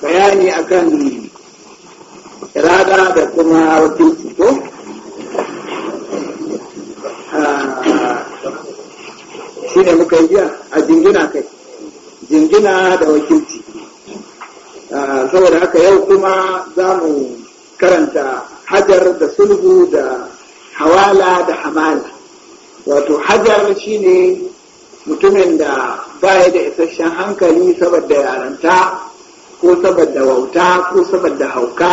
bayani akan irada da kuma wakilci ko ah, shi ne muka yi a jingina kai jingina da wakilci ah, saboda haka yau kuma za mu karanta hajar da sulhu da hawala da hamala wato hajar shi ne mutumin da baya da isasshen hankali saboda yaranta ko saboda wauta ko saboda hauka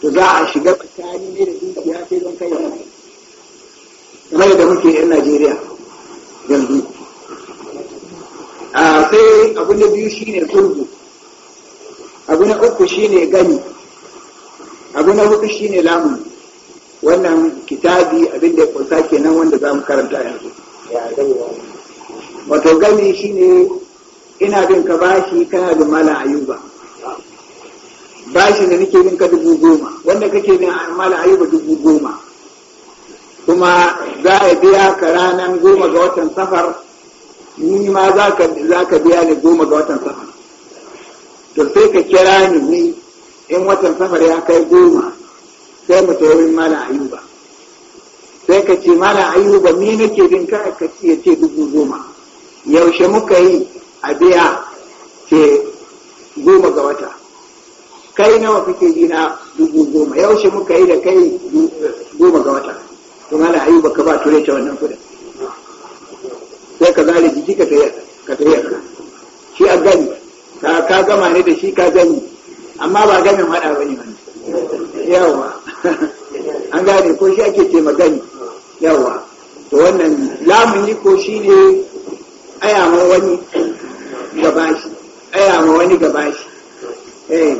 to za a shiga tsakani ne da dukiya sai don kai kamar da muke yan najeriya yanzu a ah, sai abu na biyu shine sulhu abu na uku shine gani abu na hudu shine lamun wannan kitabi abin da ya kunsa kenan wanda za mu karanta yanzu wato gani shine ina bin ka bashi kana da mala ayuba bashin da nake bin ka dubu goma wanda kake bin mala ayuba dubu goma kuma za a biya ka ranar goma ga watan safar ni ma za ka biya ni goma ga watan safar to sai ka kira ni ni in watan safar ya kai goma sai mu ta wurin mala ayuba sai ka ce mala ayuba me nake bin ka ka ya ce dubu goma yaushe muka yi a biya ce goma ga wata kai nawa kake yi na dubu goma yaushe muka yi da kai goma ga wata to mala ayuba baka ba ture ta wannan kudin sai ka zale jiki ka tayi ka tayi ka shi a gani ka ka gama ne da shi ka gani amma ba gamin hada bane ba yawa an gane ko shi ake ce magani yawa to wannan lamuni ko ne aya ma wani gabashi aya ma wani shi eh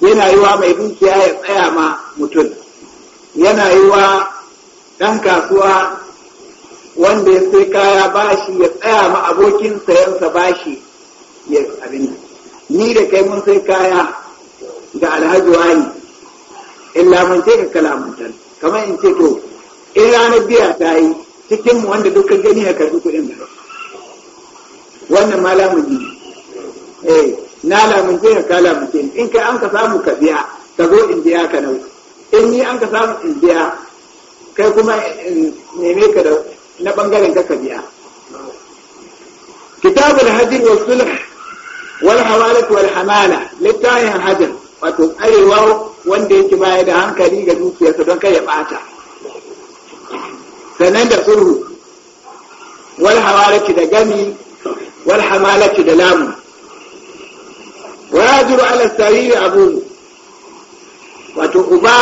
yana yi wa mai dukiya ya tsaya ma mutum yana yi wa ɗan kasuwa wanda ya sai kaya bashi ya tsaya ma abokin sayansa bashi ya abin ni da kai mun sai kaya ga alhaji wani In lamance ka kalamantar kamar in ce to in ranar biya ta yi cikin mu wanda dukkan gani ya karbi kuɗin da wannan malamin ne eh na lamunce ka ka lamunce ni in kai an ka samu ka biya ka zo in biya ka nau in ni an ka samu in biya kai kuma in neme ka da na bangaren ka ka biya kitab al-hajj wa sulh wal hawalat wal hamala littafin hajj wato arewa wanda yake baya da hankali ga dukiyarsa don kai ya bata sanan da sulhu wal hawalat da gami wal hamalat da lamu yajiru ala sariri abu wato uba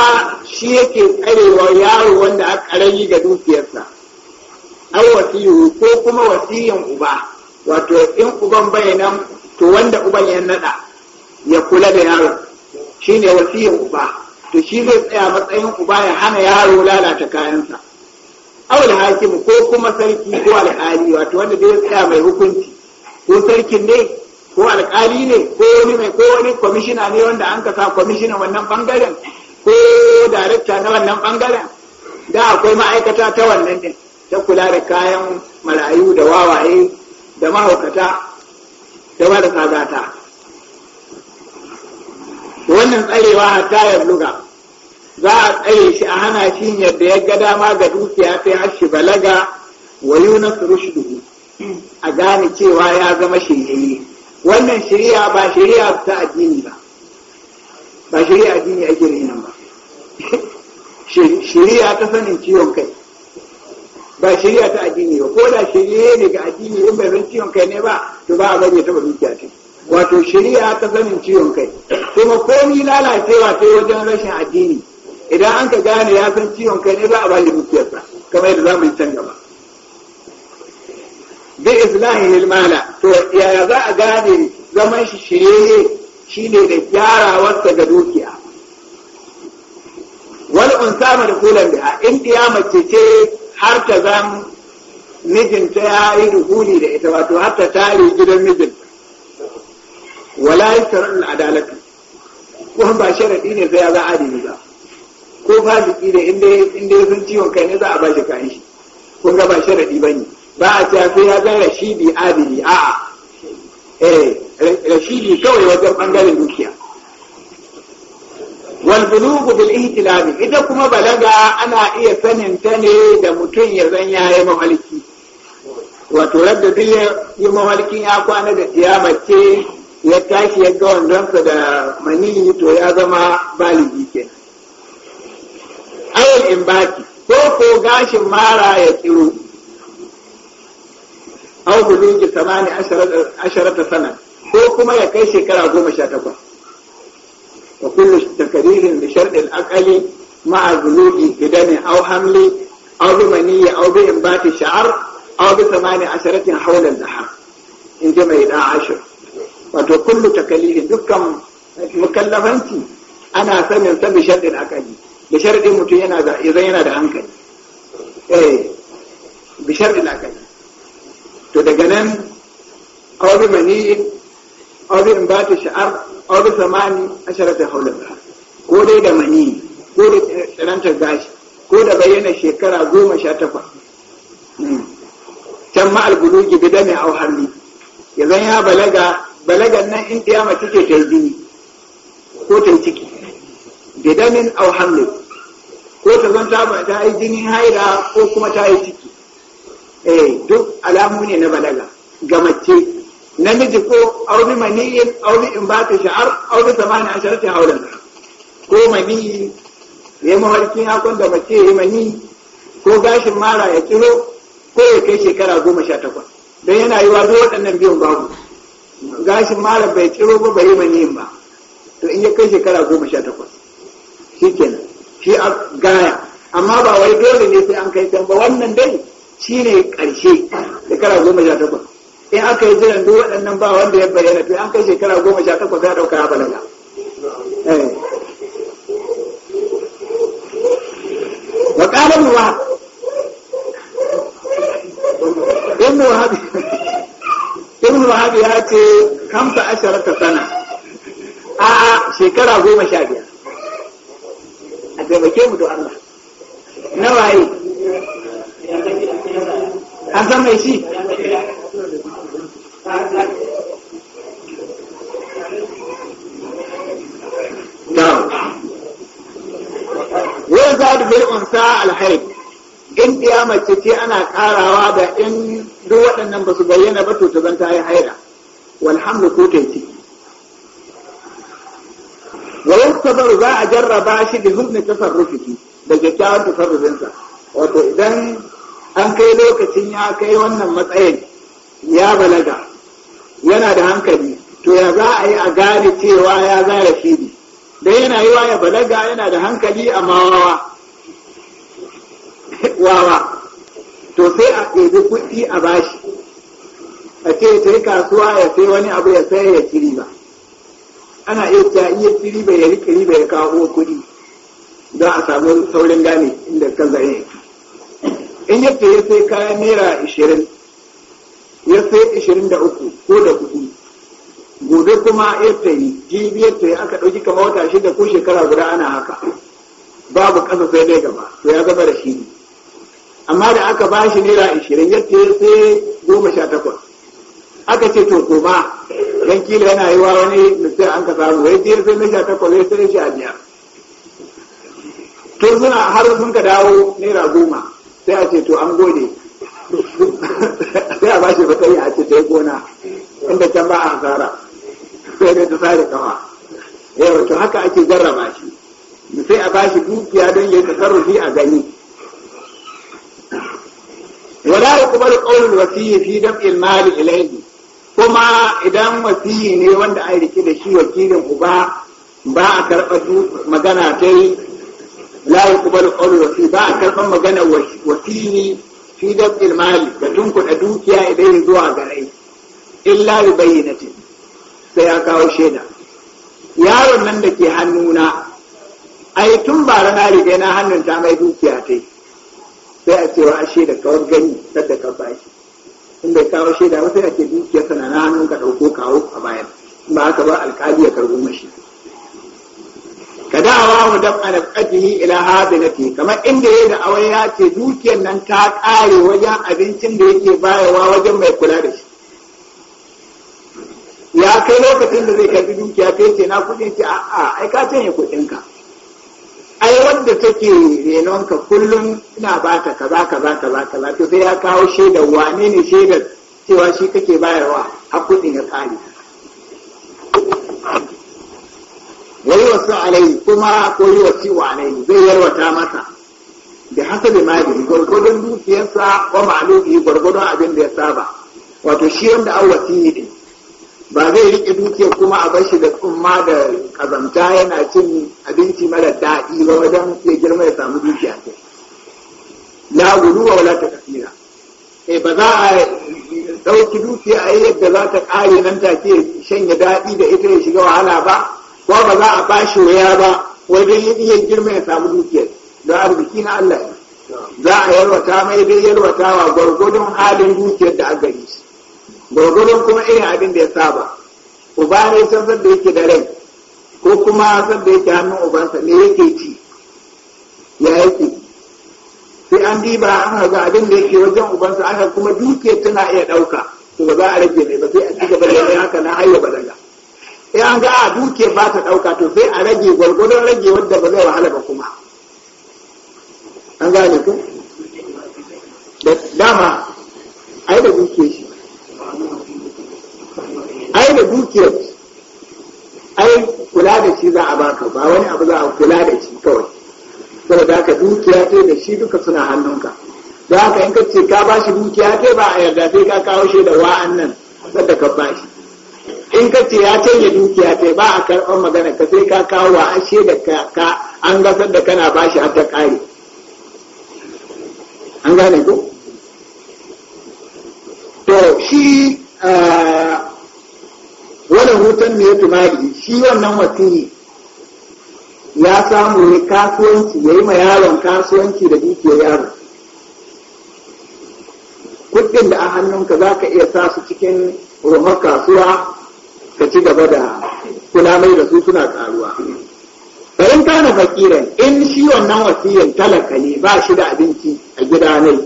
shi yake tsarewa yaro wanda aka karami ga dukiyarsa an wasiyu ko kuma wasiyan uba wato in uban bayanan to wanda uban ya nada ya kula da yaro shine wasiyan uba to shi zai tsaya matsayin uba ya hana yaro lalata kayansa awul hakimu ko kuma sarki ko alhali wato wanda zai tsaya mai hukunci ko sarkin ne ko alkali ne ko wani mai ko wani kwamishina ne wanda an kasa kwamishina wannan bangaren ko darakta na wannan bangaren da akwai ma'aikata ta wannan din ta kula da kayan marayu da wawaye da mahaukata da marasa gata wannan tsarewa a ya bluga za a tsaye shi a hana shi yadda ya ga dama ga dukiya sai har shi balaga wa yunus rushduhu a gane cewa ya zama shiryayye wannan shari'a ba shari'a ta addini ba ba shari'a addini ake nan ba shari'a ta sanin ciwon kai ba shari'a ta addini ba ko da shari'a ne ga addini in bai san ciwon kai ne ba to ba a bari ya taba dukiya ce wato shari'a ta sanin ciwon kai kuma komi lalacewa sai wajen rashin addini idan an ka gane ya san ciwon kai ne za a bari dukiyarsa kamar yadda za mu yi can gaba bi islahi mala to yaya za a gane zaman shi shirye shine da gyarawarsa ga dukiya wal unsa madkhulan da in mace ce har ta zan mijinta ya yi dukuli da ita wato har ta tare gidan mijin. wala yasrun adalati ko ba sharadi ne sai ya za a ba ko fasiki da inda inda sun ciwon kai ne za a ba shi kai shi kun ga ba sharadi bane ba a cewa sai ya zan rashidi adili a'a eh rashidi kawai wajen bangaren dukiya wal bil ihtilami ita kuma balaga ana iya sanin ta ne da mutum ya zan yayi mafalki wato radda duk yi mafalkin ya kwana da tiyamace ya tashi ya ga wandonsa da maniyi to ya zama baligi kenan in baki. ko ko gashin mara ya tsiro aw bulugi samani asharata sana ko kuma ya kai shekara goma sha takwas wa kullu takririn bi shar'i al-aqli ma'a bulugi bidani aw hamli aw bi maniyya aw bi inbati sha'r aw bi samani asharatin hawla al-nahar in ji mai da ashir wato kullu takalifi dukkan mukallafanci ana yana da hankali to daga nan ƙauri mani ƙauri in ba ta sha'ar ƙauri samani a sharatar haulun ba ko dai da mani ko da tsirantar gashi ko da bayyana shekara goma sha takwas hmm. can ma albulugi da mai auhalli ya zan ya balaga balagan nan in mace ce ta yi jini ko ta yi ciki bidamin auhalli ko ta zan ta yi jini haira ko kuma ta yi ciki eh duk alamu ne na balaga ga mace namiji ko auri maniyin auri in ba ta sha'ar auri samani a sharti haulan ko mani ya mawarki hakon da mace ya mani ko gashin mara ya tsiro ko ya kai shekara goma sha takwas don yana yi wazo duk waɗannan biyun babu gashin mara bai tsiro ba bai yi maniyin ba to in ya kai shekara goma sha takwas shi kenan shi a gaya amma ba wai dole ne sai an kai can ba wannan dai shi ne ƙarshe shekara goma sha takwas in aka yi jiran duk waɗannan ba wanda ya bayyana to an kai shekara goma sha takwas ya ɗauka ya balaga wa ƙalar ruwa ibn wahabi ibn wahabi ya ce kamsa ta sana a shekara goma sha biyar a taimake mu to Allah nawaye an zama shi. ci wai za da bil unsa alhaib in ɗiya mace ce ana karawa da in duk waɗannan ba su bayyana ba to ta zan yi haira walhamdu ko ta yi wa yuktabar za a jarraba shi da husni tasarrufi da kyakkyawan tasarrufinsa wato idan an kai lokacin ya kai wannan matsayin ya balaga yana da hankali to ya za a yi a gane cewa ya zara shi ne don yana yi ya balaga yana da hankali a mawawa wawa to sai a ɗebi kuɗi a bashi a ce ta yi kasuwa ya sai wani abu ya sai ya ci riba ana iya ta iya ci riba ya riƙe riba ya kawo kuɗi don a samu saurin gane inda kan zare in ya ya sai kayan naira ashirin ya sai ashirin da uku ko da kudi gobe kuma ya sayi jibi ya sayi aka ɗauki kama wata shida ko shekara guda ana haka babu ƙasa sai dai gaba to ya zama da shi ne amma da aka ba shi naira ashirin ya sai goma sha takwas aka ce to koma don kila yana yi wa wani mutum an ka samu wai ya sai na sha takwas ya sai shi sha biyar to suna har sun ka dawo naira goma sai a ce to an gode sai a bashi bakari a ce ta yi gona inda can ba a hasara sai da ta sare kama yawa to haka ake jarraba shi sai a shi dukiya don ya tasarrufi a gani wala ya kuma da ƙaunar wasiyyi fi daf'il ilmali ilaihi kuma idan wasiyyi ne wanda a rike da shi wakilin ba ba a karɓar magana ta yi la yuqbalu qawlu wasi ba a karban magana wasini fi ilmali mali da tunkuɗa dukiya idan zuwa ga rai illa bi bayyinatin sai ya kawo shaida yaron nan da ke hannuna ai tun bara na riga na hannun ta mai dukiya ta sai a cewa ashe da kawar sadda in bai kawo shaida ba sai ake ce dukiyar na hannun ka ɗauko kawo a bayan ba ka ba alkali ya karɓi mashi ka da'awa mu dab an qadihi ila hadinati kamar inda yayi da awai ya ce dukiyar nan ta kare wajen abincin da yake bayarwa wajen mai kula da shi ya kai lokacin da zai karbi dukiya kai ce na kudin ce a'a ai ka canye kudin ka ai wanda take renon ka kullum ina baka kaza kaza kaza kaza to sai ya kawo shaidar wane ne shaidar cewa shi kake bayarwa har kudin ya kare wai wasu alai kuma ko yi wasu alai zai yarwata masa da da ma bi gwargwadon dukiyarsa wa ma'aluki gwargwadon abin da ya saba wato shi yadda an wasiyi ne ba zai riƙe dukiyar kuma a bashi da tsumma da kazanta yana cin abinci mara daɗi ba wajen ya girma ya samu dukiya ce la guduwa wala ta kasira eh ba za a ɗauki dukiya a yadda za ta ƙare nan take shanye daɗi da ita ya shiga wahala ba ko ba za a bashi waya ba wajen iya girma ya samu dukiyar don arziki na Allah ne za a yarwata mai dai wa gwargwadon halin dukiyar da aka yi gwargwadon kuma irin abin da ya saba uba ne san da yake da rai ko kuma san da yake hannun ubansa ne yake ci ya yake sai an diba an haza abin da yake wajen ubansa aka kuma dukiyar tana iya ɗauka to ba za a rage ne ba sai a ci gaba da haka na haiwa balaga sai an ga a dukiyar ba ta ɗauka to sai a rage gwargwadon rage wadda ba zai wahala ba kuma an gane ku da dama ai da dukiyar shi ai da dukiyar ai kula da shi za a baka ba wani abu za a kula da shi kawai saboda haka dukiya ta da shi duka suna hannunka da haka in ka ce ka ba shi dukiya ta ba a yarda sai ka kawo shi da wa'annan sadda ka ba shi in ka ce ya canye dukiya ta ba a karɓar magana ka sai ka kawo wa ashe da ka an gasar da kana bashi shi ta an gane ko to shi wani hutun ne ya tumari shi wannan wasiri ya samu ne kasuwanci ya yi ma yaron kasuwanci da dukiyar yaro kuɗin da a hannunka za ka iya sa su cikin rumar kasuwa ka ci gaba da kula mai da su suna karuwa bayan kana fakiran in shi wannan wasiyan talaka ne ba shi da abinci a gida ne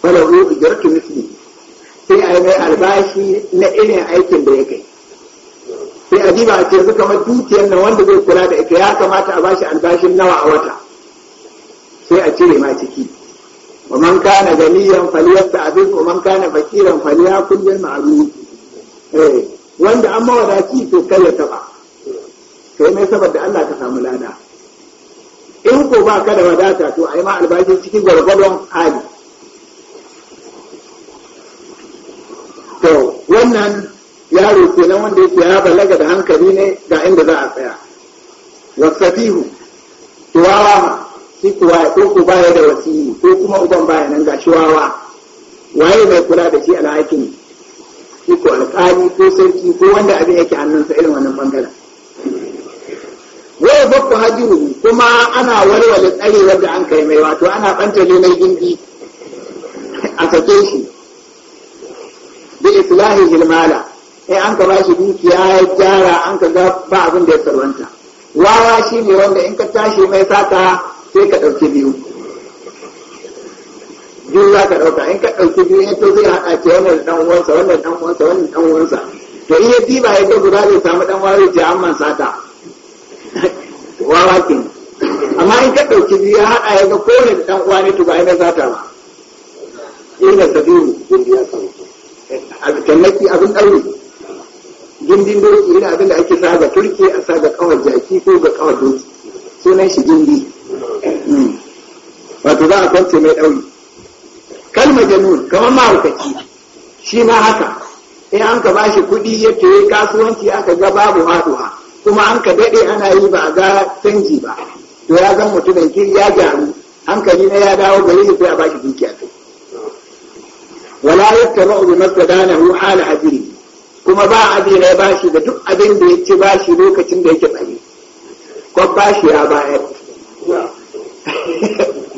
falahu ijratu misli sai a mai albashi na irin aikin da ya kai sai a diba a ce su kamar dukiyar nan wanda zai kula da ita ya kamata a bashi albashin nawa a wata sai a cire ma ciki wa man kana ganiyan falyasta abin wa man kana fakiran falya kullum wanda an mawadaci to kai ya taba kai mai saboda Allah ka samu lada in ko ba ka da wadata to ai ma albashi cikin gwargwadon hali to wannan yaro ke nan wanda yake ya balaga da hankali ne ga inda za a tsaya wasafihu tuwawa shi kuwa ko ko baya da wasiyi ko kuma uban baya nan ga shi wawa waye mai kula da shi alhakin shi ko alƙali ko sarki ko wanda abin yake hannunsa irin wannan bangaren wai bakku hajiru kuma ana walwale tsarewar da an kai mai wato ana ɓanta mai gindi a sake shi bi islahi hilmala sai an ka ba shi dukiya ya gyara an ka ga ba abin da ya sarwanta wawa shi ne wanda in ka tashi mai sata sai ka ɗauki biyu biyu za ka ɗauka in ka ɗauki biyu in to zai haɗa ce wannan ɗan uwansa wannan ɗan uwansa wannan ɗan uwansa to in ya diba ya ga guda zai samu ɗan uwa ce an sata wawa amma in ka ɗauki biyu ya haɗa ya ga kowane da ɗan uwa ne to ba ina zata ba ina sabiru tallaki abin ɗauri gindin doki ina abin da ake sa ga turke a sa ga kawar jaki ko ga kawar doki sunan shi gindi hmm. wato za a kwance mai ɗauri kalma jamur kamar mahaukaci shi ma haka in an ka bashi kuɗi ya yi kasuwanci aka ga babu haduwa kuma an ka daɗe ana yi ba a ga canji ba to ya zan mutumin kiri ya gyaru hankali na ya dawo gari shi sai a bashi dukiya kai wala yattabu bi hu hala ajri kuma ba a bi bashi da duk abin da ya ci bashi lokacin da yake tsaye ko bashi ya bayar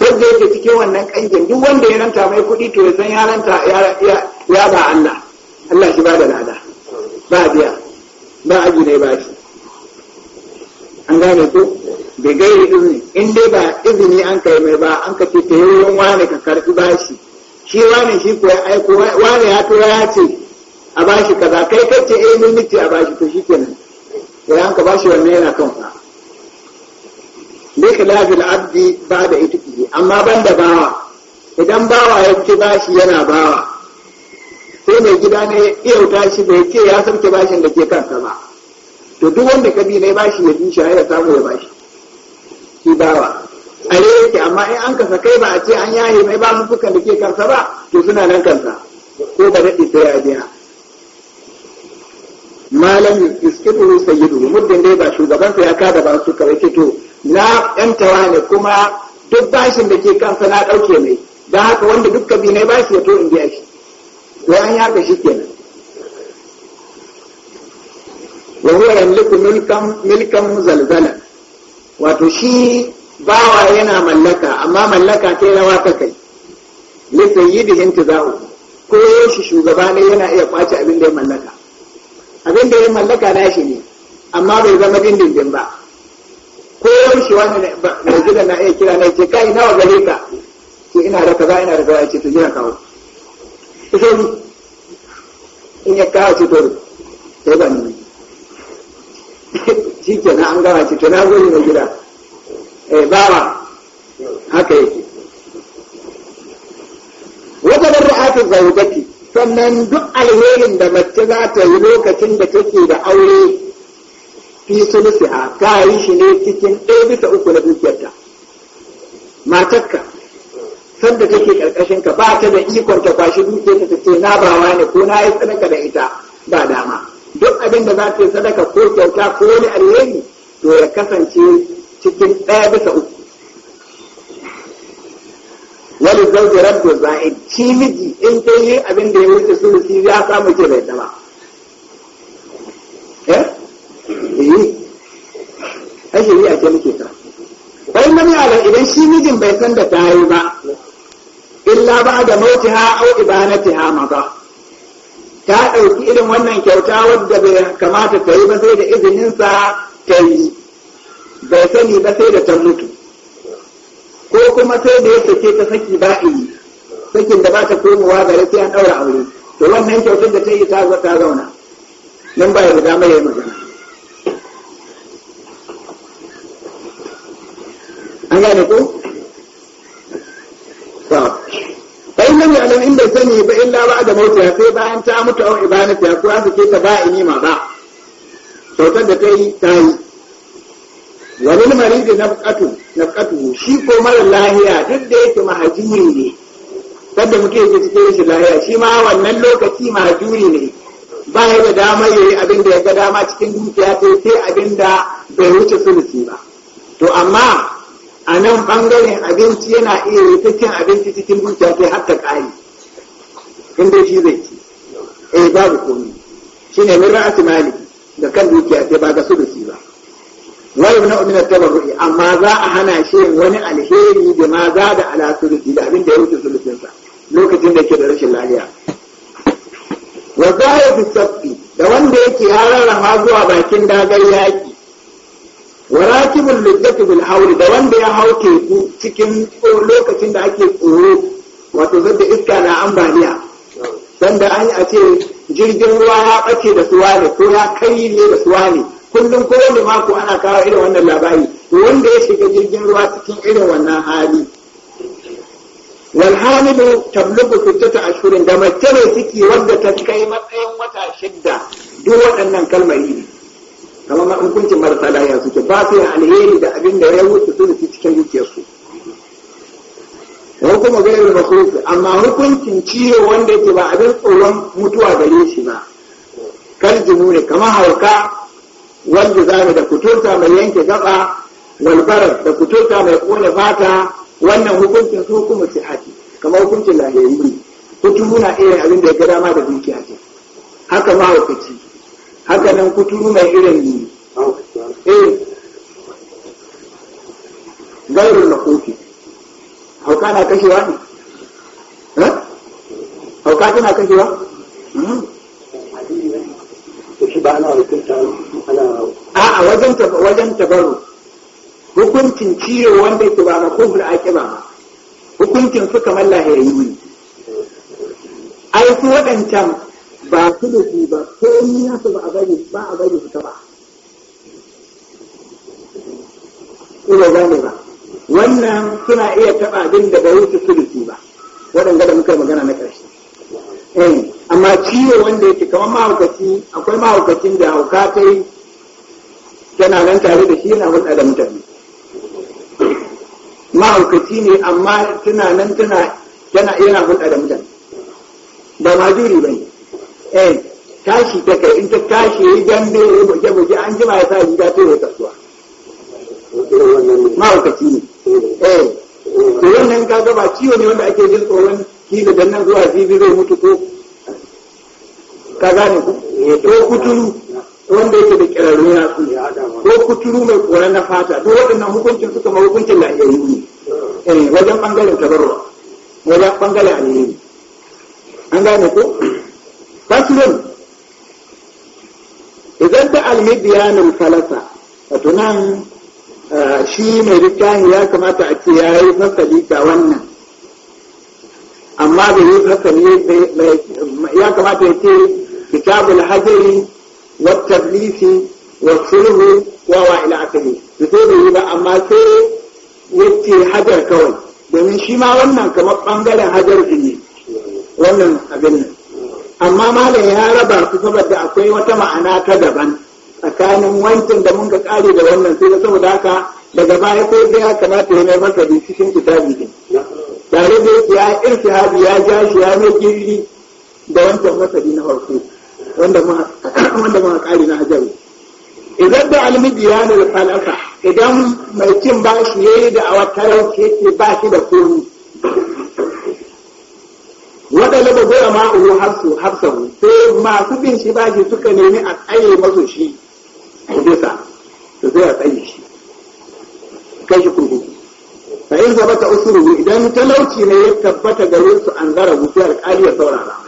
yadda yake cikin wannan ƙangin duk wanda ya ranta mai kuɗi to ya san ya ranta ya ba Allah Allah shi ba da lada ba biya ba aji ne ba shi an gane ko bai gairi izini in dai ba izini an kai mai ba an ka ce ta yi wane ka karɓi bashi shi wane shi ko ya aiko wane ya tura ya ce a bashi kaza kai kace eh mun nake a bashi to shikenan an ka bashi wannan yana kan fa likilafin abdi ba da ita amma ban da bawa idan bawa ya ci bashi yana bawa sai mai gida ne iyauta shi bai ce ya san ki bashin da ke kansa ba to duk wanda ka kabi ne bashi ya bi shi ya samu ya bashi ki bawa a yake amma in an kasa kai ba a ce an yaye mai ba mu da ke kansa ba to suna nan kansa ko ba daɗi sai ya biya malam iskidu sayyidu muddin dai ba shugabansa ya kada ba su kawai ce to na yan ne kuma duk bashin da ke kansa na ɗauke mai don haka wanda duk kabi ne bashi ya to in biya shi to an haka shi kenan wa huwa yamliku milkan milkan zalzala wato shi bawa yana mallaka amma mallaka ta rawa ta kai ya yi da hintiza'u ko yaushe shugaba ne yana iya kwace abin da ya mallaka abin da ya mallaka nashi ne amma bai zama dindindin ba ko yaushe wani mai gidan na iya kira na ce kai nawa gare ka ce ina da kaza ina da kaza ce to jira kawo kusurbi in ya kawo ce to sai ba ni shi ke na an gama ce to na zo mai gida eh bawa haka yake wata barra'atu zaujati sannan duk alherin da mace za ta yi lokacin da take da aure fi sulusiha a yi shi ne cikin ɗaya bisa uku na dukiyarta matarka sanda take karkashin ka ba ta da ikon ta kwashi dukiyarta ta ce na bawa ne ko na yi sadaka da ita ba dama duk abin da za ta yi sadaka ko kyauta ko wani alheri to ya kasance cikin ɗaya bisa uku wani zauji rabbi za'in shi miji in ta yi abin da ya wuce sulusi ya samu ke bai zama eh? eh ai a ce muke ta wai man yalan idan shi mijin bai san da tayi ba illa ba da mautiha au ibanatiha ma ba ta ɗauki irin wannan kyauta wadda bai kamata ta yi ba sai da izininsa ta yi bai sani ba sai da ta mutu ko kuma sai da ya sake ta saki ba yi sakin da ba ta komowa ga sai an ɗaura aure to wannan kyautar da ta yi ta zauna nan ba ya da damar yi magana gane ko fa in lam ya'lam in sani ba illa ba da mauti sai bayan ta mutu au ibanati ko an sake ta ba ini ma ba sautar da ta yi ta yi walil maridi nafqatu shi ko mara lahiya duk da yake mahajiri ne kada muke yake cikin shi lahiya shi ma wannan lokaci mahajuri ne ba ya da dama yayi abin da ya ga dama cikin dukiya sai sai abin da bai wuce sulusi ba to amma a nan ɓangaren abinci yana iya rikakken abinci cikin dukiya sai har ta ƙari in dai shi zai ci eh babu komi shi ne min ra'ati mali da kan dukiya sai ba ga su da shi ba Wani na umina ru'i amma za a hana shi wani alheri da ma za da ala sulusi da abin da ya wuce sulusinsa lokacin da yake da rashin lafiya wa zahir bi da wanda yake ya rarrama zuwa bakin dagar yaƙi warakibul liddati bil hawl da wanda ya hau teku cikin lokacin da ake tsoro wato zadda iska na ambaliya sanda an a ce jirgin ruwa ya bace da suwa ne ko ya kai ne da suwa ne kullum kowane mako ana kawo irin wannan labari wanda ya shiga jirgin ruwa cikin irin wannan hali wal hamilu tablugu sittata ashhurin da mace ne ciki wanda ta kai matsayin wata shidda duk waɗannan kalmari ne kamar ma hukuncin marasa lahiya suke ba su yin alheri da abin da ya wuce su da cikin dukiyarsu hukumu yi makrufi amma hukuncin ciwo wanda yake ba abin tsoron mutuwa gare shi ba kar ne kamar hauka wanda mu da kuturta mai yanke gaba walbara, da kuturta mai kone fata wannan hukuncin su su sihati kamar hukuncin lahiri kuturu muna iya abin da ya ga dama da dukiya ce haka mahaukaci haka nan kuturu mai irin eh gairu na kofi hauka na kashewa ne eh? hauka tana kashewa hmm. a wajen wajen tabaru hukuncin ciwo wanda ke ba kofar ake ba hukuncin su kamar yi ne ai su waɗancan ba su da su ba ko ni su ba a gani ba a gani su ta ba ina gane ba wannan suna iya taɓa abin da bai da su ba waɗanda da muka magana na ƙarshe eh, amma ciwo wanda yake kamar mahaukaci akwai mahaukacin da hauka ta yi tana nan tare da shi yana hulɗa da mutane mahaukaci ne amma tana nan tana yana hulɗa da mutane ba majuri ba ne eh tashi ta kai in ta tashi yi jambe ya buge buge an jima ya sa riga ta yi kasuwa mahaukaci ne eh to wannan ka ba ciwo ne wanda ake jin tsoron kila da nan zuwa zibi zai mutu ko ka gane ku ko kuturu wanda yake da kirarru na su ko kuturu mai koran na fata duk waɗannan hukuncin suka ma hukuncin lahiyayyu ne eh, wajen ɓangaren tabarwa wajen ɓangaren alheri an gane ko isyanin falasa wato nan eh, shi mai littafi ya kamata a ce ya yi fasali ga wannan amma bai yi fasali ya kamata ya ce kitabul hajari wa tablisi wa sulhu wa wa ila akali da sai bai yi ba amma sai yace hajar kawai domin shi ma wannan kamar bangaren hajar ne wannan abin nan amma malam ya raba su saboda akwai wata ma'ana ta daban tsakanin wancan da mun ga ƙare da wannan sai saboda haka daga baya sai ga ya kamata ya mai masa cikin kitabi din tare da ya irtihabi ya ja shi ya mai girgi da wancan masabi na farko wanda ma ƙare na hajaru idan da ya ne da falaka idan mai cin bashi ya yi da awatarar ke yake ba shi da komi waɗanda ba zai ma uwu hafsu sai masu bin shi bashi suka nemi a tsaye masu shi a bisa da a tsaye shi kai shi kurkuku in zaba ta idan talauci ne ya tabbata an zara saurara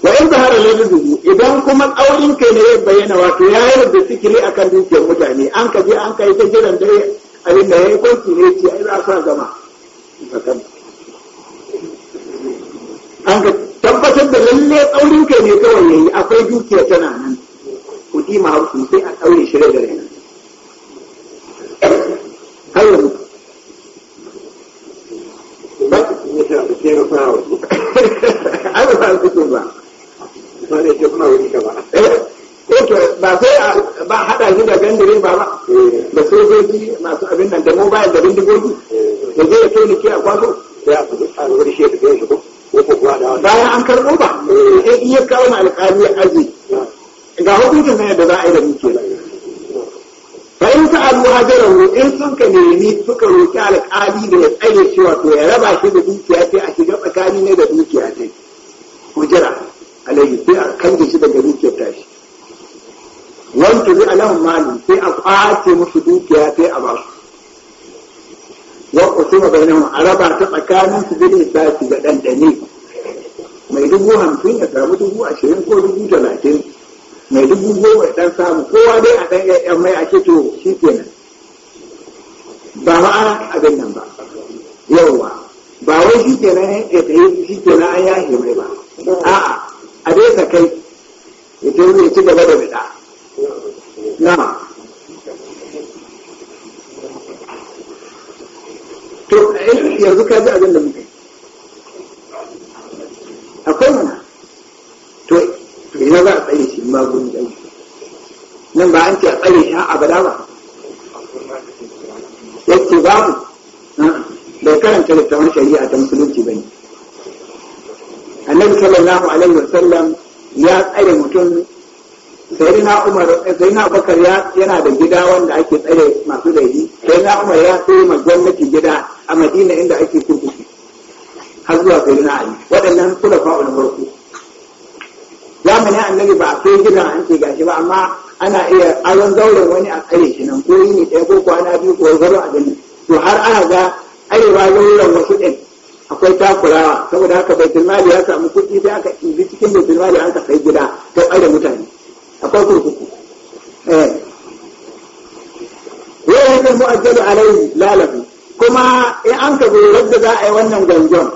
wa in idan kuma aurin kai ne ya bayyana wato ya yi da sikiri akan mutane an ka je an kai ta jiran dare abin da ya yi kwanci ne ce za sa zama. an ka tabbatar da lalle tsaurin kai ne kawai yayi akwai dukiya tana kuɗi ma sai a ɗaure shirya da rai har yanzu ba su ne shi wasu an ba su ba ba ne ke wuri ko ba sai ba shi da ba ba da sojoji masu abin nan da mobile da bindigogi da zai kai ni ke a kwaso sai a a wuri shi da zai shigo bayan an karɓo ba eh, iya kawo alƙali ya aji ga hukuncin na da za a yi da muke ba fa in sa'alu hajarahu in sun ka nemi suka roki alƙali da ya tsare shi wato ya raba shi da dukiya ce a shiga tsakani ne da dukiya Ku jira alayhi sai a kange shi daga dukiyar tashi wanda zai alahun mali sai a kwace musu dukiya sai a basu wa kusuma bainahum a raba ta tsakanin su bin lissafi ga ɗanɗane mai dubu hamsin ya samu dubu ashirin ko dubu talatin mai dubu goma dan samu kowa dai a dan yan mai ake to shi kenan ba ma abin nan ba yawwa ba wai shi kenan ke ƙetaye shi kenan an ya mai ba a'a a dai ka kai ya ce ya ci gaba da bida na to yanzu ka ji abin da nan ba an ce a tsare shi abada ba Ya ce ba mu ah, bai karanta littafin shari'a ta musulunci ba ne annabi sallallahu alaihi wasallam ya tsare mutum sai na umar sai na bakar yana da gida wanda ake tsare masu laifi sai na umar ya tsaye ma gwamnati gida a madina inda ake kurkuku har zuwa sai na ali waɗannan kula fa'ul farko zamanin annabi ba a kai gidan an ce gashi ba amma ana iya aron zauren wani a tsare shi nan ko yini ɗaya ko kwana biyu ko zaro a gani to har ana ga arewa zauren wasu ɗin akwai takurawa saboda haka bai mali ya samu kuɗi sai aka ibi cikin da mali aka kasai gida ta tsare mutane akwai kurkuku eh ya da mu'ajjalu alaihi lalabi kuma in an ka zo wadda za a yi wannan gangon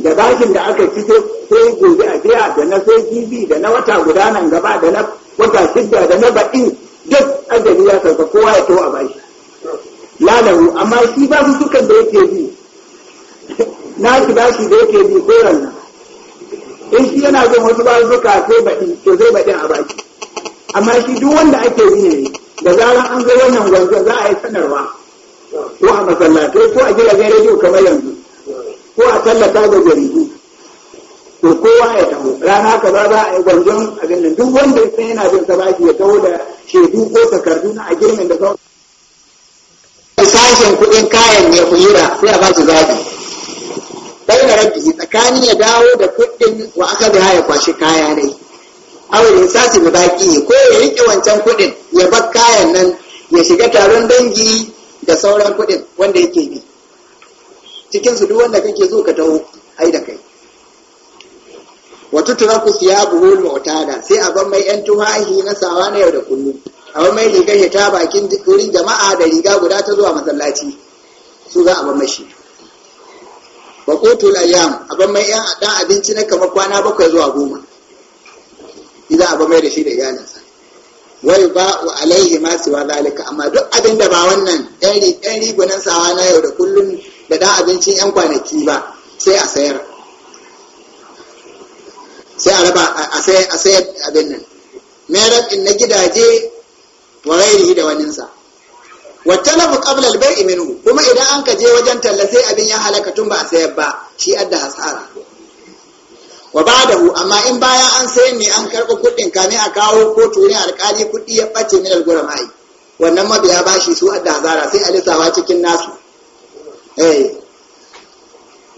da bashin da aka fito sai gobe a biya da na sai kifi da na wata guda nan gaba da na wata sidda da na baɗi duk ajali ya karka kowa ya tawo a bashi lalahu amma shi ba su dukan da yake bi na shi ba shi da yake bi ko nan in shi yana bin wasu ba zuka sai baɗi to zai baɗin a baki amma shi duk wanda ake bi ne da zarar an zo wannan gwanzo za a yi sanarwa ko a masallatai ko a gidajen rediyo kamar yanzu ko a tallata da jaridu to kowa ya taho rana ka ba za a yi gwanjon abin nan duk wanda ya yana bin sabaki ya taho da shaidu ko takardu na a girmin da sauran sashen kuɗin kayan ya kuyira sai a ba su zaɓi bai da rabbi tsakanin ya dawo da kuɗin wa aka biya ya kwashi kaya ne awalin sasi da baki ko ya riƙe wancan kuɗin ya bar kayan nan ya shiga taron dangi da sauran kuɗin wanda yake bi cikin su duk wanda kake zo ka taho ai da kai wa tutraku thiyabuhu al-mu'tada sai a ban mai yan tuhahi na sawa na yau da kullum a ban mai rigar ta bakin wurin jama'a da riga guda ta zuwa masallaci su za a ban mashi ba kotu layyam a ban mai yan dan abinci na kamar kwana bakwai zuwa goma idan a ban mai da shi da iyalinsa wai ba wa alaihi ma siwa zalika amma duk abin da ba wannan yan rigunan sawa na yau da kullum da dan abincin yan kwanaki ba sai a sayar sai a raba a sayar abin nan meran in na gidaje wa rairi da waninsa wa talabu qabla al-bay'i kuma idan an ka je wajen talla sai abin ya halaka tun ba a sayar ba shi adda hasara wa ba'dahu amma in bayan an sayar ne an karɓi kuɗin kame a kawo kotu ne alƙali kuɗi ya ɓace min al mai wannan mabiya bashi su adda hasara sai a lissawa cikin nasu eh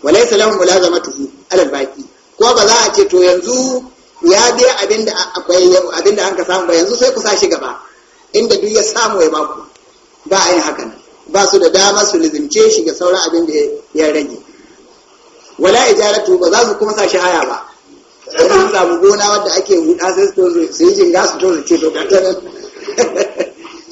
walaysa lahum mulazamatuhu alal baqi ko ba za a ce to yanzu ya biya abinda akwai abinda an ka samu ba yanzu sai ku sa shi gaba inda duk ya samu ya baku ba a yi hakan ba su da dama su lizince shi ga sauran abin da ya rage wala ijaratu ba za su kuma sa shi haya ba Wani sun samu gona wadda ake huda sai su su yi jinga su tozo ce to ga ta nan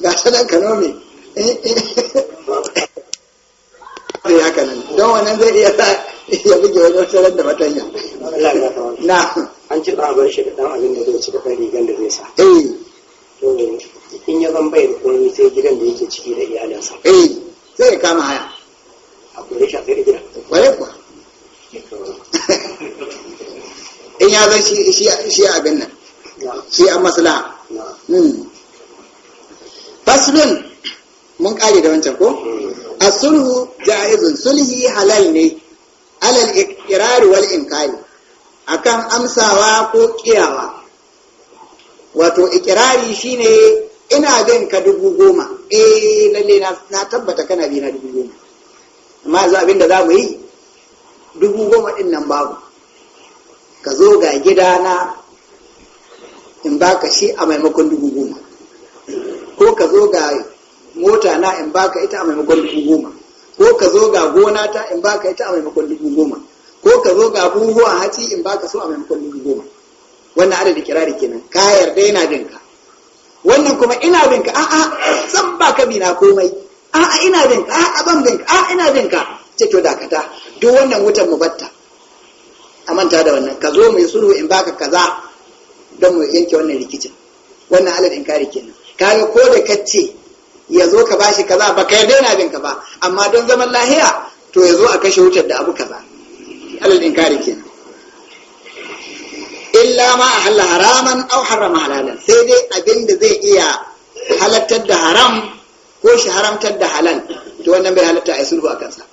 ga ta nan kano me don wannan zai iya sa ya buge wajen sarar da matanya na an ci tsabar shi da ɗan abin da zai cika kan rigar da zai sa eh to in ya zan bai komai sai gidan da yake ciki da iyalinsa eh sai ya kama haya a kore shi a sai da gidan kuwa in ya zan shi abin nan shi a maslaha hmm. faslun mun ƙari da wancan ko hmm. asulhu jaizun sulhi halal ne alal ikirari wal inkari akan amsawa ko kiyawa wato ikirari shine ina bin ka dubu goma eh lalle na tabbata kana bi na dubu goma amma yanzu abin da za mu yi dubu goma din nan babu ka zo ga gidana in baka shi a maimakon dubu goma ko ka zo ga mota na in baka ita a maimakon dubu goma ko ka zo ga gona ta in baka ita a maimakon dubu goma ko ka zo ga buhu a haci in baka so a maimakon dubu goma wannan adadin kirari kenan ka yarda yana bin ka wannan kuma ina bin ka a'a zan baka na komai a'a ina bin ka a'a ban bin ka a'a ina bin ka ce to dakata duk wannan wutan mu batta a manta da wannan ka zo mai sulhu in baka kaza don mu yanke wannan rikicin wannan adadin kare kenan kaga ko da kace ya zo ka bashi kaza ba ka daina bin ka ba amma don zaman lahiya to ya zo a kashe wutar da abu kaza alal inkari kenan illa ma ahalla haraman aw harrama halalan sai dai abinda zai iya halattar da haram ko shi haramtar da halal to wannan bai halatta a sulhu a kansa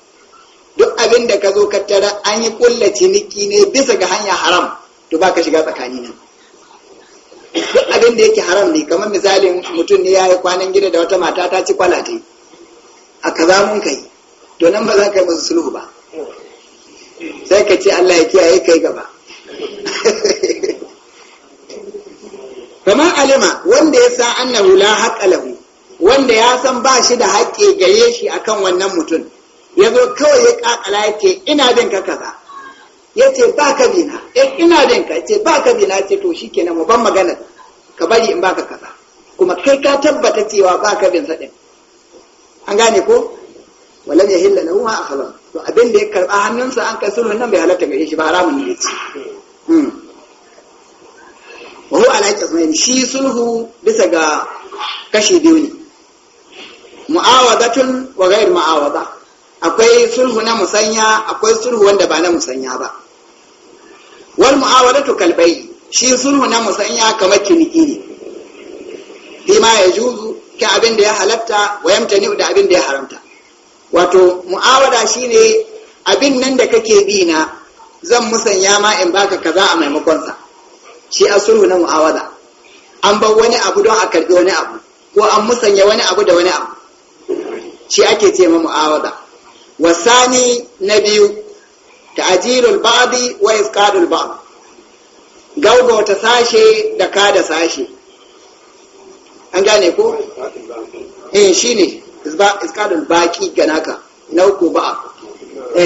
duk abinda da ka zo ka tara an yi kulla ciniki ne bisa ga hanya haram to ba ka shiga tsakani nan duk abin da yake haram ne kamar misalin mutum ne ya yi kwanan gida da wata mata ta ci kwalate a kaza mun kai to ba za ka yi masu sulhu ba sai ka ce Allah ya kiyaye kai gaba kama alima wanda ya san annahu la haqqa lahu wanda ya san ba shi da haƙƙi gare shi akan wannan mutum ya zo kawai ya ƙaƙala ya ce ina bin ka kaza ya ce ba ka bina in eh, ina bin ka ce ba ka bina ce to shi kenan mu ban magana ka bari in baka kaza kuma kai ka tabbata cewa ba ka bin saɗin an gane ko walam ya hilla lahu ma akhlam to abin da ya karba hannunsa an kai sulhun nan bai halatta gare shi ba haramun ne ce hmm. wa huwa ala qismayn shi sulhu bisa ga kashi biyu ne mu'awadatun wa ghayr mu'awada akwai sulhu na musanya akwai sulhu wanda ba na musanya ba wal mu'awadatu kalbai shi sunu na musanya kamar ciniki ne bima ya juzu ka abin da ya halatta wa yamtani da abin da ya haramta wato mu'awada shine abin nan da kake bi na zan musanya ma in baka kaza a maimakon sa shi sulhu na mu'awada an bar wani abu don a karbi wani abu ko an musanya wani abu da wani abu shi ake ce ma mu'awada wasani na biyu ta'jilul ba'di wa isqadul ba'd gaugauta sashe da kada sashe an gane ko eh shine isqadul baqi ganaka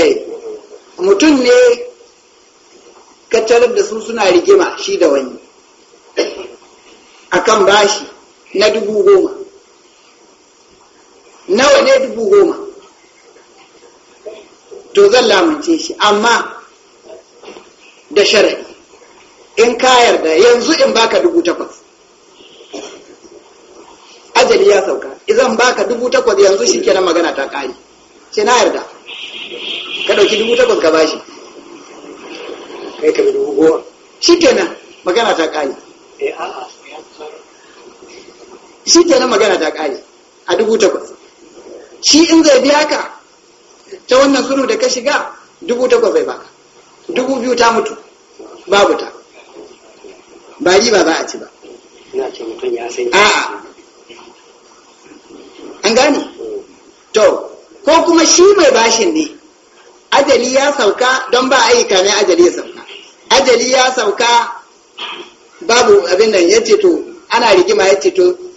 eh. mutum ne ka da su suna rigima shi da wani akan bashi na dubu goma nawa ne dubu goma to zan lamunce shi amma da shari'i in ka yarda yanzu in baka dubu takwas ajali ya sauka izan baka dubu takwas yanzu shi kenan magana ta kari ce na yarda ka ɗauki dubu takwas ka bashi kai ka bi dubu goma shi kenan magana ta kari eh, shi kenan magana ta kari a dubu takwas shi in zai biya ka ta wannan sunu da ka shiga dubu takwas bai baka dubu biyu ta mutu babu ta ba riba ba a ci ba a'a an gane to ko kuma shi mai bashin ne ajali ya sauka don ba ayyuka ne ajali ya sauka ajali ya sauka babu abin nan ya ce to ana rigima ya ce to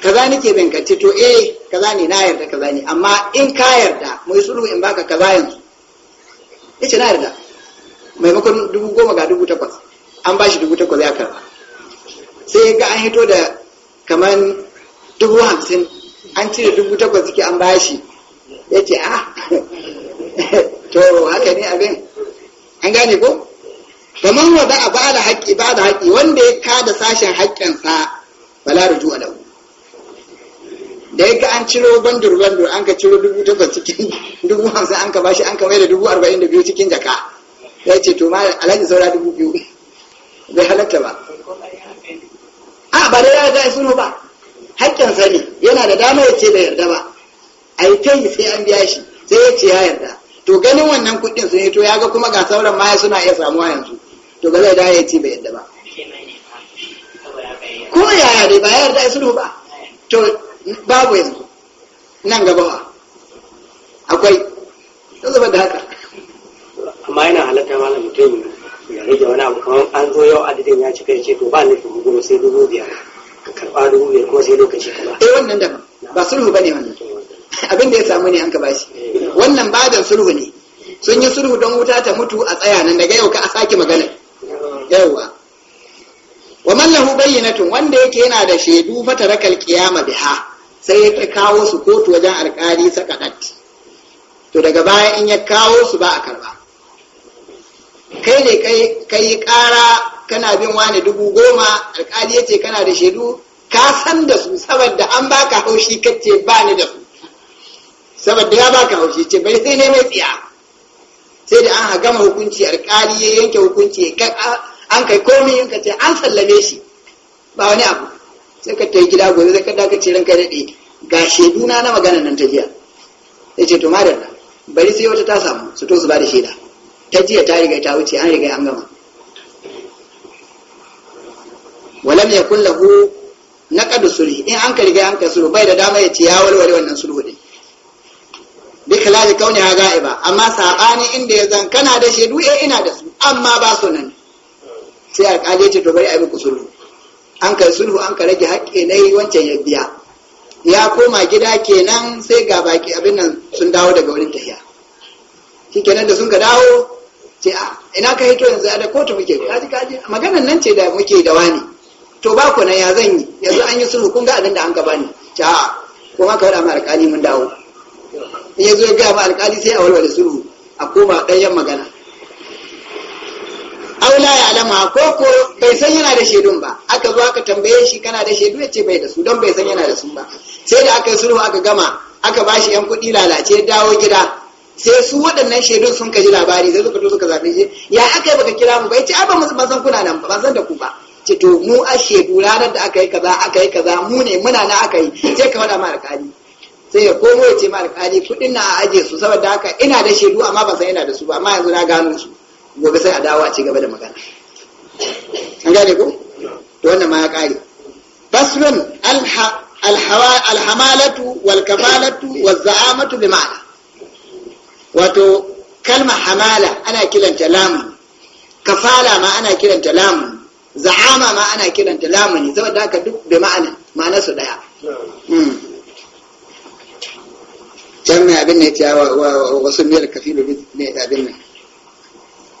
kaza nake bin kace to eh kaza ne na yarda kaza ne amma in ka yarda mu yi sulhu in baka kaza yanzu yace na yarda maimakon dubu goma ga dubu takwas an bashi dubu takwas ya karba sai ga an hito da kaman dubu hamsin an cire dubu takwas suke an bashi yace ah to haka ne abin an gane ko kamar wada a ba da haƙƙi ba da haƙƙi wanda ya kada sashen haƙƙinsa bala rujuwa lahu da ya ga an ciro bandur bandur an ka ciro dubu takwas cikin dubu hamsin an ka bashi an ka maida dubu arba'in da biyu cikin jaka ya ce to ma alhaji saura dubu biyu bai halatta ba a ba da ya ga sun ba hakkin sani yana da dama ya ce bai yarda ba a yi ta yi sai an biya shi sai ya ce ya yarda to ganin wannan kuɗin sun yi to ya ga kuma ga sauran ma suna iya samuwa yanzu to ba zai dawo ya ce bai yarda ba ko yaya dai ba ya yarda ya ba to babu yanzu nan gaba akwai ta zaba da haka amma yana halatta malam mutum ya rage wani abu kamar an zo yau adadin ya cika ya ce to ba nufin goma sai dubu biyar ka karɓa dubu biyar kuma sai lokaci kuma eh wannan dama ba sulhu bane wannan abin da ya samu ne an ka bashi wannan badan sulhu ne sun yi sulhu don wuta ta mutu a tsaya nan daga yau ka a sake magana yawwa wa mallahu lahu bayyinatun wanda yake yana da shaidu fatarakal qiyama biha sai ya ƙi kawo su kotu wajen alƙali sakadat to daga baya in ya kawo su ba a karba kai ne ka yi ƙara kana bin wani dubu goma alƙali ya ce kana da shaidu ka san da su saboda an ba ka haushi kace ba ni da su saboda ya ba ka haushi ce bai sai ne mai tsiya sai da an gama hukunci alƙali ya yanke hukunci an kai komai yanka ce an sallame shi ba wani abu sai ka ta yi gida gobe sai ka daga ce ranka daɗe ga shaiduna na magana nan ta jiya ya ce to madalla bari sai wata ta samu su to su ba da shaida ta jiya ta riga ta wuce an riga an gama walam ya kullahu na kadu sulhi in an ka riga an ka sulhu bai da dama ya ce ya walwale wannan sulhu din bi khilafi kauni ha ga'iba amma sabani inda ya zan kana da shaidu eh ina da su amma ba su nan sai alƙali ya ce to bari a yi muku sulhu an kai sulhu an ka rage haƙƙi na wancan ya biya ya koma gida kenan sai ga baki abin nan sun dawo daga wurin tahiya shi kenan da sun ka dawo ce a ah, ina ka hito yanzu da kotu muke kaji kaji maganan nan ce da muke da wani to ba ku na ya zan yi yanzu an yi sulhu kun ga abin da an gaba ni ce a ah, ko ma ka faɗa ma alƙali mun dawo in ya zo ya gaya ma alƙali sai a walwale sulhu a koma ɗayan magana aula ya alama ko ko bai san yana da shaidun ba aka zo aka tambaye shi kana da shaidu yace bai da su don bai san yana da su ba sai da aka yi sulhu aka gama aka shi yan kuɗi lalace dawo gida sai su waɗannan shaidun sun kaji labari sai suka suka zabe shi ya aka yi baka kira mu bai ce a ba mu san kuna nan ba san da ku ba ce to mu a shaidu ranar da aka yi kaza aka yi kaza mu ne muna na aka yi sai ka faɗa ma alƙali sai ya komo ya ce ma alƙali kuɗin na a aje su saboda haka ina da shaidu amma ba san ina da su ba amma yanzu na gano su gobe sai a dawo a ci gaba da magana an gane ko to wannan ma ya kare basrun alhamalatu wal kafalatu wal za'amatu bi ma'ana wato kalma hamala ana kiranta lamun kafala ma ana kiranta lamun za'ama ma ana kiranta lamuni saboda haka duk bi ma'ana ma'ana su daya hmm. can mai abin ne ta wasu miyar kafilu ne abin nan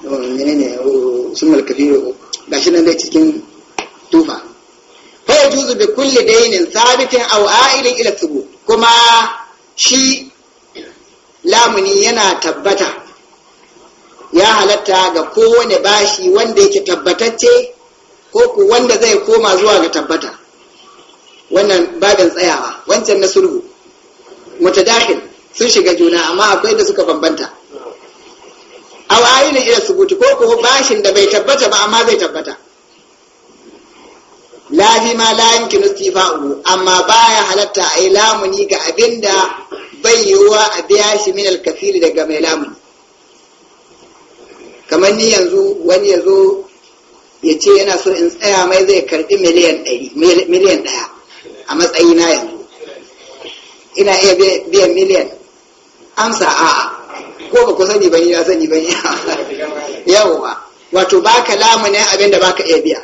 menene sun malkafiru gashi nan dai cikin tufa fa yajuzu bi kulli daynin sabitin aw a'ilin ila thubu kuma shi lamuni yana tabbata ya halatta ga kowane bashi wanda yake tabbatacce ko ku wanda zai koma zuwa ga tabbata wannan babin tsayawa wancan na sulhu mutadakhil sun shiga juna amma akwai da suka bambanta waye ne ila subuti ko ko bashin da bai tabbata ba amma bai tabbata lahi ma la yumkinu istifa'u amma baya halatta ai lamuni ga abinda bai yiwuwa a biya shi min al al-kafir daga mai lamuni kamar ni yanzu wani yazo zo ya ce yana so in tsaya mai zai karbi miliyan ɗaya a matsayina yanzu ina iya biyan miliyan amsa a'a ko ba ku sani ba ni na sani ba ni yawwa wato baka lamunin abin da baka iya biya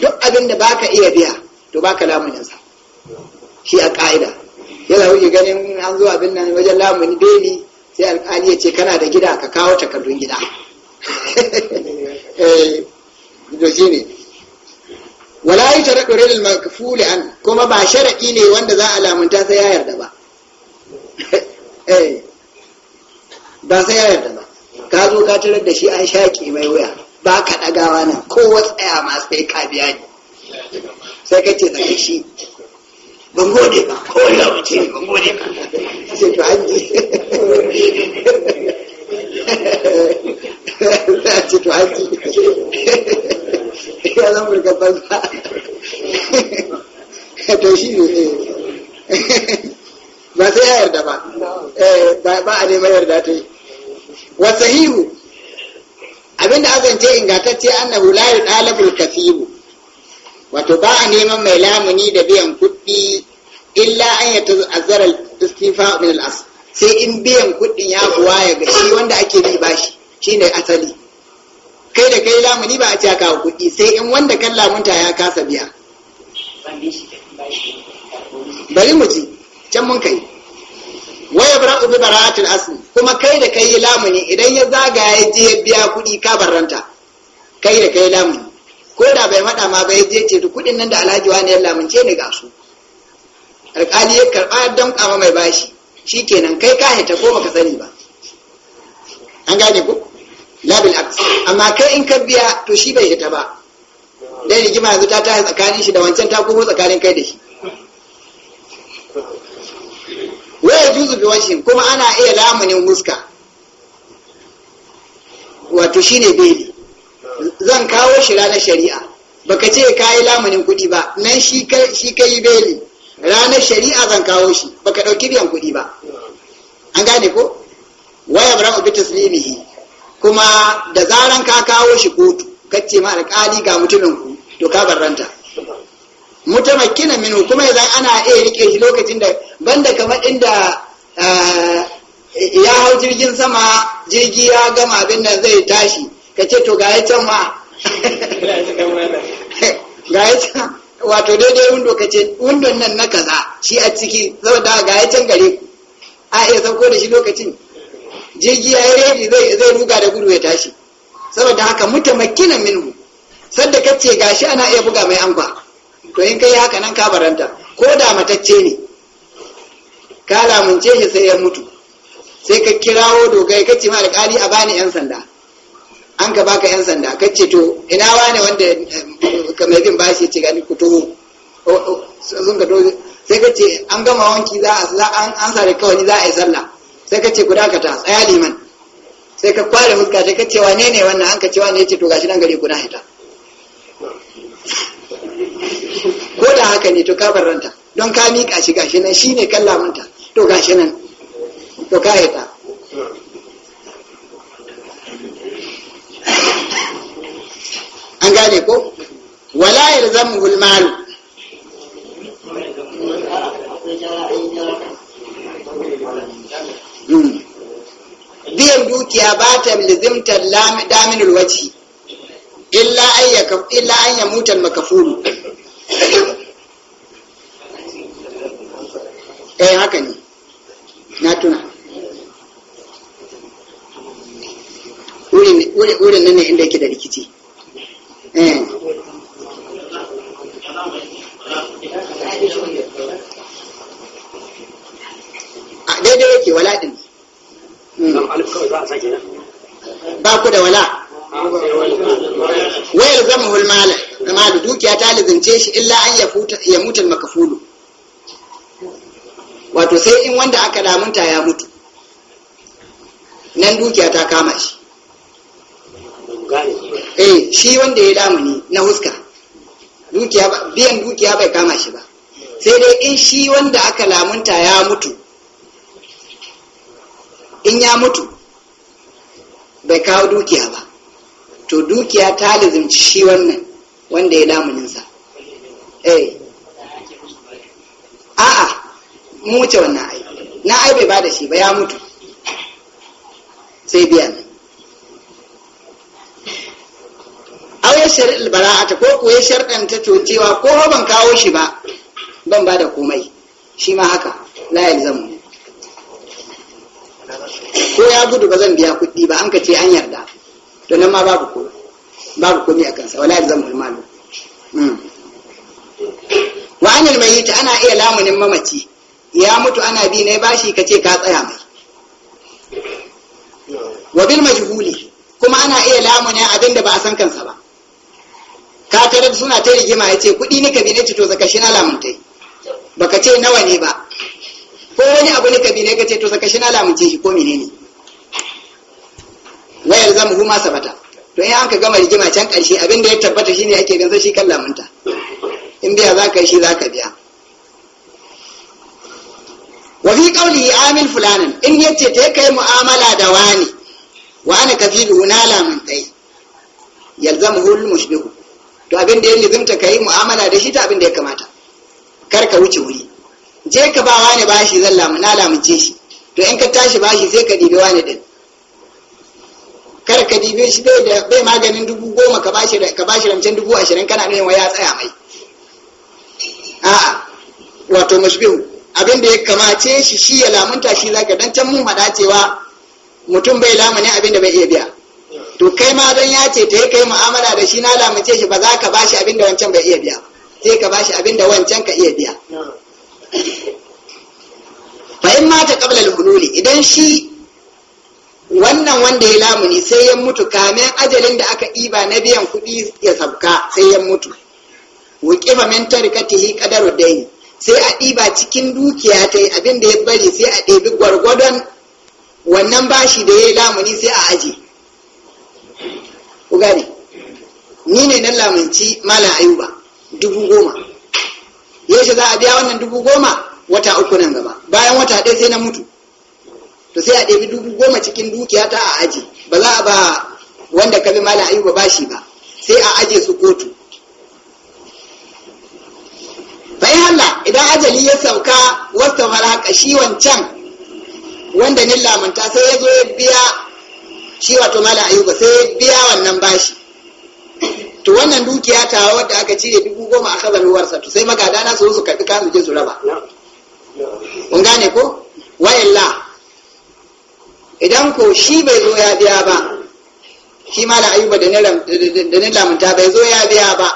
duk abin da baka iya biya to baka lamunin sa shi a ka'ida yana kuke ganin an zo abin nan wajen lamuni beli sai alƙali ya ce kana da gida ka kawo takardun gida eh, to shi ne wala yi tare ɗore da makafuli an kuma ba sharaɗi ne wanda za a lamunta sai ya yarda ba eh. ba sai ya yarda ba ka zo ka tarar da shi an shaƙi mai wuya ba ka ɗagawa nan ko tsaya ma sai ka biya ni sai ka ce sake shi ban gode ba ko ya wuce ban gode ba sai to hanji ce to hanji ya zan burga banza to shi ne ba sai ya yarda ba eh, ba a neman yarda ta yi wa sahihu abinda azance ingantacce annahu la yutalabul kasibu wato ba neman mai lamuni da biyan kuɗi illa an ya ta'azzara istifa min al sai in biyan kuɗin ya buwaya ga shi wanda ake bi bashi shine asali kai da kai lamuni ba a ci kawo kuɗi sai in wanda kan lamunta ya kasa biya bari mu ci can mun kai wa bara ubi bara'atil asli kuma kai da kai lamuni idan ya zagaya je ya biya kuɗi ka barranta kai da kai lamuni ko da bai mada ma bai je ce kuɗin nan da alhaji wani ya lamunce ni ga su alƙali ya karɓa don kama mai bashi shi kenan kai ka hita ko baka sani ba an gane ku labil aks amma kai in ka biya to shi bai hita ba dai rigima yanzu ta tashi tsakanin shi da wancan ta kuma tsakanin kai da shi wa juzu bi wajhin kuma ana iya lamunin muska wato shine beli zan kawo shi ranar shari'a baka ce ka yi lamunin kuɗi ba nan shi ka yi beli ranar shari'a zan kawo shi baka ɗauki biyan kuɗi ba an gane ko waya bara bi taslimihi kuma da zaran ka kawo shi kotu kace ma alƙali ga mutumin ku to ka barranta mutamakkina minu kuma idan ana iya rike shi lokacin da banda kamar inda ah, ya hau jirgin sama jirgi ya gama abin da zai tashi ka ce to gaya can ma gaya can wato daidai windo ka ce windon nan na kaza shi a ciki saboda gaya can gare ku a iya sauko da shi lokacin jirgi ya yi redi zai ruga da gudu ya tashi saboda haka mutamakkina minu sadda ka ce gashi ana iya buga mai amfa. to in kai haka nan ka baranta ko da matacce ne ka lamunce shi sai ya mutu sai ka kirawo dogai ka ce ma alƙali a bani yan sanda an ka baka yan sanda ka ce to ina wane wanda eh, ka mai bin bashi ce gani ku toho oh, oh, sun ka sai ka ce an gama wanki za a an sare kawai za a yi sallah sai ka ce ku dakata tsaya liman sai ka kware fuska sai ka ce wane ne wannan an ka ce wane ya ce to gashi nan gare ku na hita ko da haka ne to ka ranta don ka miƙa shi gashi nan shi ne kan lamunta to gashi nan to ka yi ta an gane ko wala yalzamu hulmalu hmm. biyan dukiya ba ta lizimtar daminul waci illa an ya mutan makafuru eh haka ne na tuna wurin nan ne inda yake da rikici eh. a daidai yake wala din hmm. ba ku da wala wayar zama hulmala gama da dukiya ta lizince shi illa an ya mutu makafulu wato sai in wanda aka damunta ya mutu nan dukiya ta kama shi eh shi wanda ya damuni na huska dukiya biyan dukiya bai kama shi ba sai dai in shi wanda aka lamunta ya mutu in ya mutu bai kawo dukiya ba to dukiya ta lizimci shi wannan wanda ya damuninsa eh a'a mu wuce wannan ai na ai bai bada shi ba ya mutu sai biya ne awai shari'ar bara'ata ko kuwa sharɗanta to cewa ko ban kawo shi ba ban bada komai shi ma haka layar zamu ko ya gudu ba zan biya kuɗi ba an ka ce an yarda to nan ma babu ko babu komai a kansa wala zan malu hmm. wa anil mayyit ana iya lamunin mamaci ya mutu ana bi ne bashi kace ka tsaya mai wa bil majhuli kuma ana iya lamunin abinda ba a san kansa ba ka tarar suna ta rigima ya ce kuɗi ni bi ne to zaka shi na lamuntai baka ce nawa ne ba ko wani abu ka bi ne ka ce to zaka shi na lamunce shi ko menene ne wa yalzamuhu ma sabata to in aka gama rigima can karshe abin da ya tabbata shine ake ganin shi kan lamunta in biya za yi shi za ka biya wa fi qawlihi amil fulanin in yace ta kai mu'amala da wani wa ana kafilu na lamuntai yalzamuhu al-mushbihu to abin da ya lizimta kai mu'amala da shi ta abin da ya kamata kar ka wuce wuri je ka ba wani bashi zan mu na lamunce shi to in ka tashi bashi sai ka dibi wani din kar ka dibe shi bai da bai maganin dubu goma ka bashi ka bashi dubu ashirin kana nuna wa ya tsaya mai a'a wato mashbihu abin da ya kamace shi shi ya lamunta shi zaka dan can mun hada cewa mutum bai lamuni abin da bai iya biya to kai ma zan ya ce ta yi kai mu'amala da shi na lamunce shi ba za ka bashi abin da wancan bai iya biya sai ka bashi abin da wancan ka iya biya fa in ta qabla al idan shi wannan wanda ya lamuni sai ya mutu kamin ajalin da aka ɗiba na biyan kuɗi ya sabka sai ya mutu wuƙifa min tarikatihi qadaru daini sai a ɗiba cikin dukiya ta abin da ya bari sai a ɗebi gwargwadon wannan bashi da ya yi lamuni sai a aji ku gane ni ne na lamunci malam ayuba dubu goma yaushe za a biya wannan dubu goma wata uku nan gaba bayan wata ɗaya sai na mutu to sai a ɗabi dubu goma cikin dukiya ta a aji ba za a ba wanda kabi bi malam ayuba bashi ba sai a aje su kotu bai halla idan ajali ya sauka wasta maraka shi wancan wanda ni lamunta sai ya zo ya biya shi wato malam ayuba sai ya biya wannan bashi to wannan dukiya ta wadda aka cire dubu goma a kazan ruwarsa to sai magadana su su karɓi kasu je su raba kun gane ko la? idan ko shi bai zo ya biya ba shi ma da ayuba da ni lamunta bai zo ya biya ba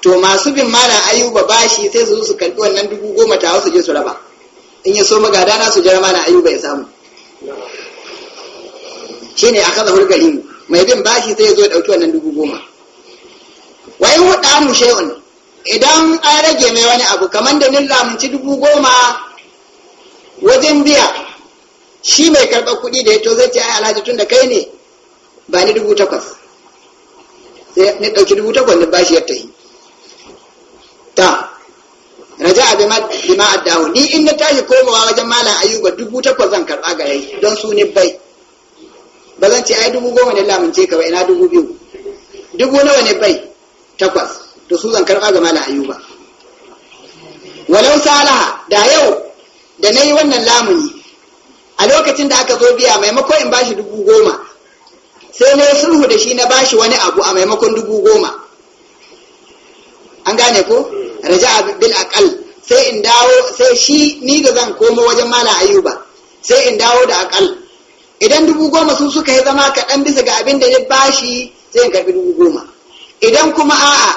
to masu bin mala ayuba bashi sai su su karɓi wannan dubu goma ta su je su raba in ya so magada na su jira mala ayuba ya samu shi ne a kaza hurgari mai bin bashi sai ya zo ya ɗauki wannan dubu goma wai in huɗa mu shehun idan an rage mai wani abu kamar da ni lamunci dubu goma wajen biya shi mai karɓar kuɗi da ya to zai ce ai alhaji tun da kai ne ba ni dubu takwas sai ni ɗauki dubu takwas ni bashi ya yi ta raja a bima addahu ni in na tashi komawa wajen malam ayuba dubu takwas zan karɓa gare don su ni bai ba zan ce ai dubu goma ne lamunce ka ba ina dubu biyu dubu nawa ne bai takwas to su zan karɓa ga malam ayuba walau salaha da yau da na yi wannan lamuni a lokacin da aka zo biya maimakon in bashi dubu goma sai na sulhu da shi na bashi wani abu a maimakon dubu goma an gane ko raja bil aqal sai in dawo sai shi ni da zan komo wajen mala ayuba sai in dawo da akal idan dubu goma sun suka yi zama kaɗan bisa ga abin da ni bashi sai in karɓi dubu goma idan kuma a'a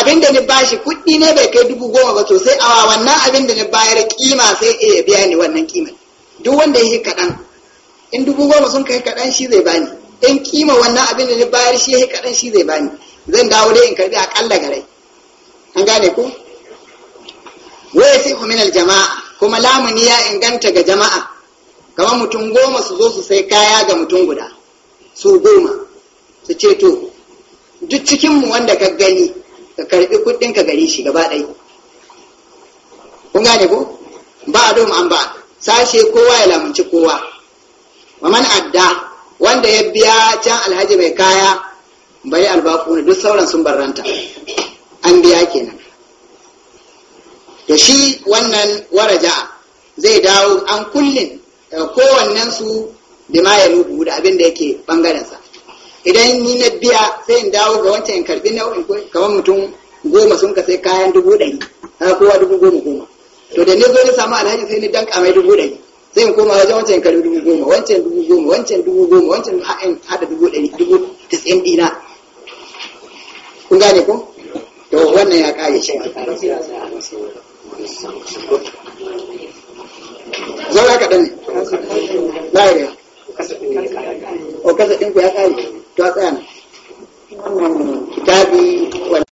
abin da ni bashi kuɗi ne bai kai dubu goma ba sosai a wannan abin da ni bayar kima sai iya eh, biya ni wannan kimar duk wanda ya kaɗan in dubu goma sun kai kaɗan shi zai bani in kima wannan abin da ni bayar shi ya kaɗan shi zai bani zan dawo dai in karbi akalla garai an gane ku waye sai ku minal jama'a kuma lamuni ya inganta ga jama'a kamar mutum goma su zo su sai kaya ga mutum guda su goma su ce to duk cikinmu wanda ka gani ka karbi kuɗin ka gare shi gaba ɗaya kun gane ku? ba a doma an ba sashe kowa ya lamunci kowa waman adda wanda ya biya can alhaji mai kaya bai albafu ne duk sauran sun barranta an biya kenan da shi wannan waraja zai dawo an kullin eh, kowannen su da ma ya rubu da abin da yake ɓangarensa. idan ni na biya sai in dawo ga wancan in karbi nau'in kamar mutum goma sun ka sai kayan dubu ɗari kowa dubu goma goma to da ne zo ni samu alhaji sai ni danka mai dubu ɗari sai in koma wajen wancan karbi dubu goma wancan dubu goma wancan dubu goma wancan ha'in hada dubu ɗari dubu tasirin ɗina kun gane ko to wannan ya kare shi zaura kaɗan ne lahiriya o oh, kasa ɗinku ya kare to a tsaya kitabi